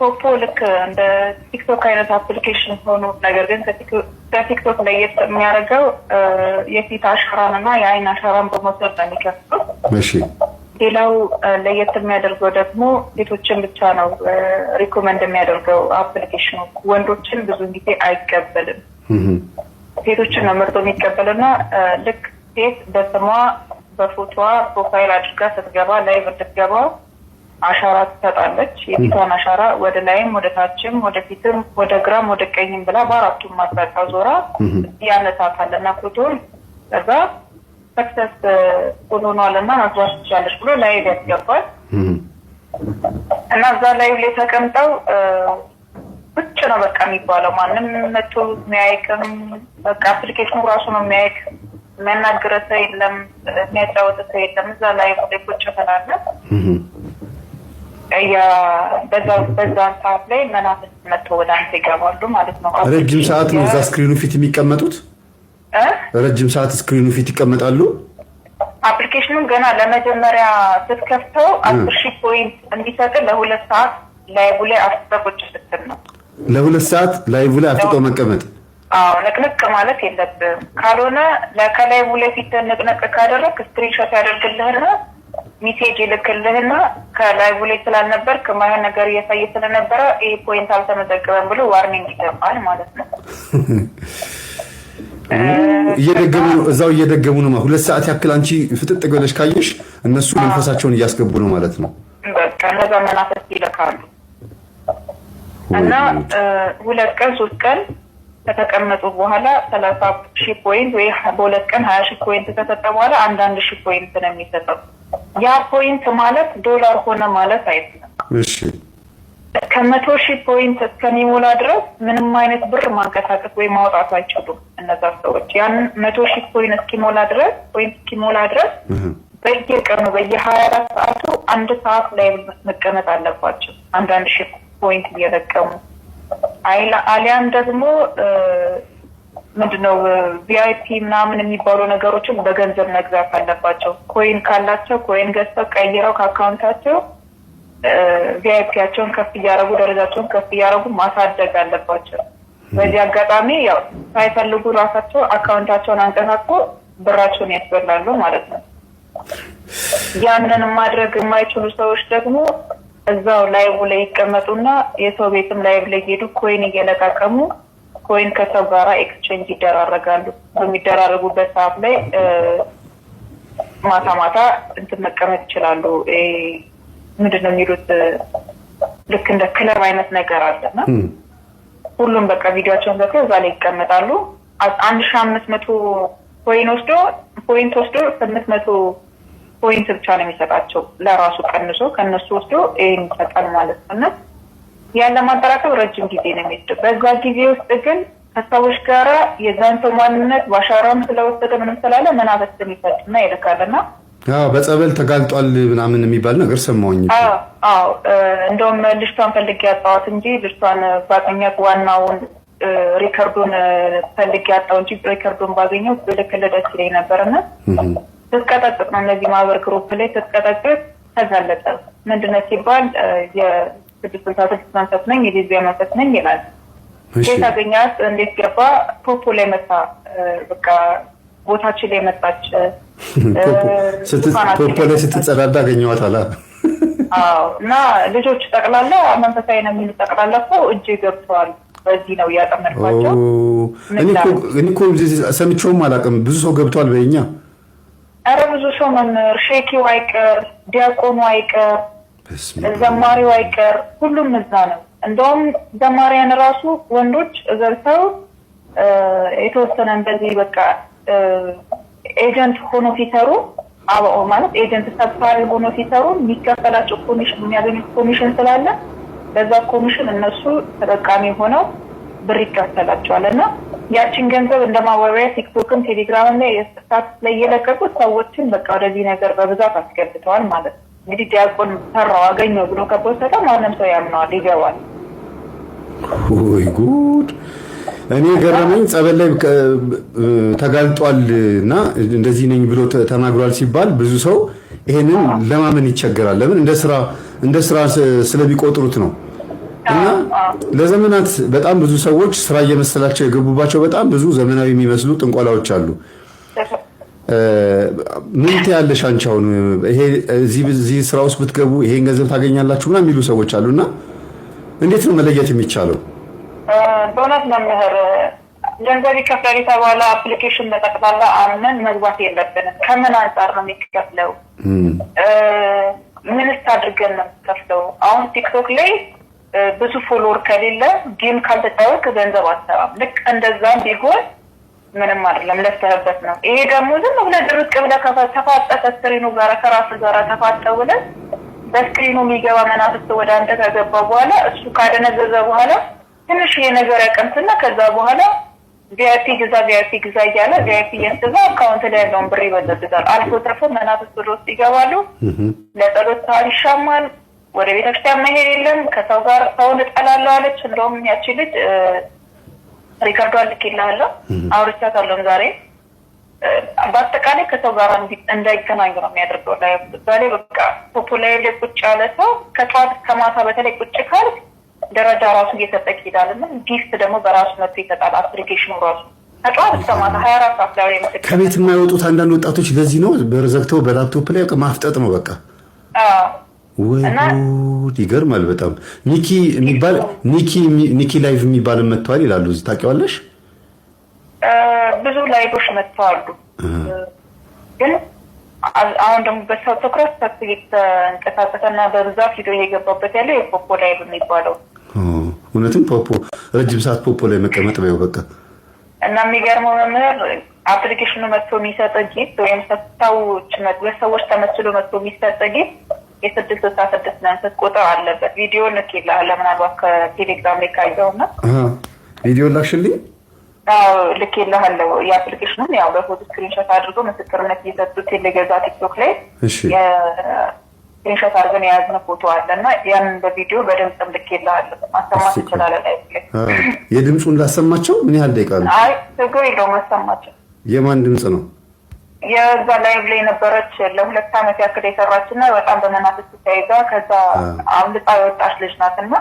ፖፖ ልክ እንደ ቲክቶክ አይነት አፕሊኬሽን ሆኖ ነገር ግን ከቲክቶክ ለየት የሚያደርገው የፊት አሻራን እና የአይን አሻራን በመውሰድ ነው የሚከፍሉት። ሌላው ለየት የሚያደርገው ደግሞ ሴቶችን ብቻ ነው ሪኮመንድ የሚያደርገው አፕሊኬሽኑ። ወንዶችን ብዙ ጊዜ አይቀበልም፣ ሴቶችን ነው መርጦ እና ልክ ሴት በስሟ በፎቶዋ ፕሮፋይል አድርጋ ስትገባ ላይቭ እንድትገባው አሻራ ትሰጣለች። የፊቷን አሻራ ወደ ላይም ወደ ታችም ወደ ፊትም ወደ ግራም ወደ ቀኝም ብላ በአራቱም አቅጣጫ ዞራ ያነሳታል እና ፎቶን ከዛ ሰክሰስ ሆኗል እና መግባት ትችላለች ብሎ ላይቭ ያስገባል እና እዛ ላይቭ ላይ ተቀምጠው ብቻ ነው በቃ የሚባለው። ማንም መቶ የሚያይቅም በቃ አፕሊኬሽኑ ራሱ ነው የሚያይቅ የሚያናግረ ሰው የለም፣ የሚያጫወተ ሰው የለም። እዛ ላይ ቁጭ ትላለህ በዛ ሰዓት ላይ መናፍስት መጥቶ ወደ አንተ ይገባሉ ማለት ነው። ረጅም ሰዓት ነው እዛ ስክሪኑ ፊት የሚቀመጡት። ረጅም ሰዓት ስክሪኑ ፊት ይቀመጣሉ። አፕሊኬሽኑን ገና ለመጀመሪያ ስትከፍተው አስር ሺህ ፖይንት እንዲሰጥ ለሁለት ሰዓት ላይቡ ላይ አፍጥጦ ስትል ነው። ለሁለት ሰዓት ላይቡ ላይ አፍጥጦ መቀመጥ። አዎ ንቅንቅ ማለት የለብም። ካልሆነ ከላይቡ ላይ ፊት ንቅንቅ ካደረግ ስክሪንሾት ያደርግልህና ሚሴጅ ይልክልህና ከላይቡ ላይ ስላልነበር ከማይሆን ነገር እያሳየ ስለነበረ ይህ ፖይንት አልተመዘገበም ብሎ ዋርኒንግ ይገባል ማለት ነው። እየደገሙ ነው፣ እዛው እየደገሙ ነው። ሁለት ሰዓት ያክል አንቺ ፍጥጥ ብለሽ ካየሽ እነሱ መንፈሳቸውን እያስገቡ ነው ማለት ነው። በቃ እነዛ መናፈስ ይለካሉ እና ሁለት ቀን ሶስት ቀን ከተቀመጡ በኋላ ሰላሳ ሺ ፖይንት ወይ በሁለት ቀን ሀያ ሺ ፖይንት ከሰጠ በኋላ አንዳንድ ሺ ፖይንት ነው የሚሰጠው ያ ፖይንት ማለት ዶላር ሆነ ማለት አይደለም። እሺ ከመቶ ሺህ ፖይንት እስከሚሞላ ድረስ ምንም አይነት ብር ማንቀሳቀስ ወይ ማውጣት አይችሉም እነዛ ሰዎች። ያን መቶ ሺህ ፖይንት እስኪሞላ ድረስ ፖይንት እስኪሞላ ድረስ በየቀኑ በየሀያ አራት ሰዓቱ አንድ ሰዓት ላይ መቀመጥ አለባቸው። አንዳንድ ሺህ ፖይንት እየለቀሙ አሊያም ደግሞ ምንድነው ቪአይፒ ምናምን የሚባሉ ነገሮችን በገንዘብ መግዛት አለባቸው። ኮይን ካላቸው ኮይን ገዝተው ቀይረው ከአካውንታቸው ቪአይፒያቸውን ከፍ እያደረጉ ደረጃቸውን ከፍ እያደረጉ ማሳደግ አለባቸው። በዚህ አጋጣሚ ያው ሳይፈልጉ ራሳቸው አካውንታቸውን አንቀሳቅሶ ብራቸውን ያስበላሉ ማለት ነው። ያንን ማድረግ የማይችሉ ሰዎች ደግሞ እዛው ላይቡ ላይ ይቀመጡና የሰው ቤትም ላይቭ ላይ ሄዱ ኮይን እየለቃቀሙ ኮይን ከሰው ጋራ ኤክስቼንጅ ይደራረጋሉ። በሚደራረጉበት ሰዓት ላይ ማታ ማታ እንትን መቀመጥ ይችላሉ። ምንድን ነው የሚሉት ልክ እንደ ክለብ አይነት ነገር አለና ሁሉም በቃ ቪዲዮቸውን ዘክ እዛ ላይ ይቀመጣሉ። አንድ ሺ አምስት መቶ ኮይን ወስዶ ፖይንት ወስዶ ስምንት መቶ ፖይንት ብቻ ነው የሚሰጣቸው ለራሱ ቀንሶ ከነሱ ወስዶ ይህን ይሰጣል ማለት ነው እና ያን ለማጠራቀም ረጅም ጊዜ ነው የሚወስደው። በዛ ጊዜ ውስጥ ግን ከሰዎች ጋር የዛን ሰው ማንነት ዋሻራም ስለወሰደ ምንም ስላለ መናበስን ይፈጥና ይልካል እና በጸበል ተጋልጧል ምናምን የሚባል ነገር ሰማሁኝ። አዎ እንደውም ልጅቷን ፈልጌ ያጣዋት እንጂ ልጅቷን ባገኛት ዋናውን ሪከርዱን ፈልጌ ያጣው እንጂ ሪከርዱን ባገኘው ብልክልህ ደስ ይለኝ ነበርና ስትቀጠቅጥ ነው እነዚህ ማህበር ግሩፕ ላይ ስትቀጠቅጥ ተጋለጠ ምንድነት ሲባል ስድስት ስልሳ ስድስት መንፈስ ነኝ መንፈስ ነኝ ይላል። አገኛት እንዴት ገባ ፖፖ ላይ በቃ ቦታችን ላይ መጣች። ፖፖ ላይ ስትጸዳዳ አገኘዋት አላ እና ልጆች ጠቅላላ መንፈሳዊ ነው የሚሉ ጠቅላላ እኮ እጅ ገብተዋል። በዚህ ነው እያጠመድኳቸው። እኔ ሰምቼውም አላውቅም። ብዙ ሰው ገብተዋል በኛ። ኧረ ብዙ ሰው መምህር፣ ሼኪው አይቀር ዲያቆኑ አይቀር ዘማሪው አይቀር ሁሉም እዛ ነው። እንደውም ዘማሪያን ራሱ ወንዶች ገብተው የተወሰነ እንደዚህ በቃ ኤጀንት ሆኖ ሲሰሩ አበኦ ማለት ኤጀንት ሰፋሪ ሆኖ ሲሰሩ የሚከፈላቸው ኮሚሽን የሚያገኙት ኮሚሽን ስላለ በዛ ኮሚሽን እነሱ ተጠቃሚ ሆነው ብር ይከፈላቸዋል እና ያችን ገንዘብ እንደ ማወሪያ ቲክቶክም ቴሌግራምም ላይ የስታት ላይ የለቀቁት ሰዎችን በቃ ወደዚህ ነገር በብዛት አስገብተዋል ማለት ነው። እንግዲህ ዲያቆን ሰራው አገኘው ብሎ ከፖሰተ ማንም ሰው ያምነዋል፣ ይገባል። ወይ ጉድ! እኔ ገረመኝ። ጸበል ላይ ተጋልጧል እና እንደዚህ ነኝ ብሎ ተናግሯል ሲባል ብዙ ሰው ይሄንን ለማመን ይቸገራል። ለምን? እንደ ስራ እንደ ስራ ስለሚቆጥሩት ነው። እና ለዘመናት በጣም ብዙ ሰዎች ስራ እየመሰላቸው የገቡባቸው በጣም ብዙ ዘመናዊ የሚመስሉ ጥንቆላዎች አሉ። ምን ትያለሽ አንቺ? አሁን ይሄ እዚህ ስራ ውስጥ ብትገቡ ይሄን ገንዘብ ታገኛላችሁ ምናምን የሚሉ ሰዎች አሉና እንዴት ነው መለየት የሚቻለው? በእውነት መምህር ገንዘብ ይከፍላል የተባለ አፕሊኬሽን መጠቅላላ አምነን መግባት የለብንም። ከምን አንጻር ነው የሚከፍለው? ምን አድርገን ነው የሚከፍለው? አሁን ቲክቶክ ላይ ብዙ ፎሎወር ከሌለ ጌም ካልተጫወቅ ገንዘብ አትሰራም። ልክ እንደዛም ቢሆን ምንም አይደለም፣ ለፍተህበት ነው። ይሄ ደግሞ ዝም ብለህ ድርቅ ብለህ ተፋጠህ ከስክሪኑ ጋር ከራሱ ጋር ተፋጠ ብለህ በስክሪኑ የሚገባ መናፍስት ወደ አንተ ከገባ በኋላ እሱ ካደነዘዘ በኋላ ትንሽ የነገር ያቀምትና ከዛ በኋላ ቪአይፒ ግዛ ቪአይፒ ግዛ እያለ ቪአይፒ እያስገዛ አካውንት ላይ ያለውን ብር ይበዘብዛል። አልፎ ተርፎ መናፍስት ወደ ውስጥ ይገባሉ። ለጸሎት ሰዓት ይሻማል። ወደ ቤተክርስቲያን መሄድ የለም። ከሰው ጋር ሰውን እጠላለሁ አለች። እንደውም ያቺ ልጅ ሪከርዶ ልኬልሃለሁ። አውርቻታለሁም ዛሬ በአጠቃላይ ከሰው ጋር እንዳይገናኙ ነው የሚያደርገው። ለምሳሌ በቃ ፖፖ ላይ ቁጭ ያለ ሰው ከጠዋት ከማታ በተለይ ቁጭ ካል ደረጃ ራሱ እየሰጠ ይሄዳል እና ጊፍት ደግሞ በራሱ መጥቶ ይሰጣል። አፕሊኬሽኑ ራሱ ከጠዋት እስከ ማታ ሀያ አራት ሰዓት ላይ ከቤት የማይወጡት አንዳንድ ወጣቶች ለዚህ ነው በርዘግተው በላፕቶፕ ላይ ማፍጠጥ ነው በቃ ወይ ይገርማል በጣም ኒኪ የሚባል ኒኪ ላይቭ የሚባል መጥተዋል ይላሉ። እዚህ ታውቂዋለሽ? ብዙ ላይቮች መጥተዋሉ። ግን አሁን ደግሞ በሰው ትኩረት ሰፊ የተንቀሳቀሰና በብዛት ሂዶ እየገባበት ያለው የፖፖ ላይቭ የሚባለው እውነትም ፖፖ ረጅም ሰዓት ፖፖ ላይ መቀመጥ በይው በቃ እና የሚገርመው መምህር አፕሊኬሽኑ መጥቶ የሚሰጥ ጌት ወይም ሰው በሰዎች ተመስሎ መጥቶ የሚሰጥ ጌት የስድስት ስልሳ ስድስት ነንስት ቁጥር አለበት። ቪዲዮ ልክ ይላለ ምናልባት ከቴሌግራም ላይ ካየውና ቪዲዮ ላክሽልኝ ልክ ይልሃለው የአፕሊኬሽኑን ያው በፎቶ ስክሪንሾት አድርጎ ምስክርነት እየሰጡ ቴሌገዛ ቲክቶክ ላይ ስክሪንሾት አድርገን የያዝነ ፎቶ አለ እና ያንን በቪዲዮ በድምፅም ልክ ይልሃለሁ ማሰማት እንችላለን። የድምፁ እንዳሰማቸው ምን ያህል ደቂቃ ነው? አይ ችግር የለውም አሰማቸው። የማን ድምፅ ነው? የዛ ላይቭ ላይ የነበረች ለሁለት አመት ያክል የሰራች ና በጣም በመናፍስ ተይዛ ከዛ አምልጣ የወጣች ልጅ ናት እና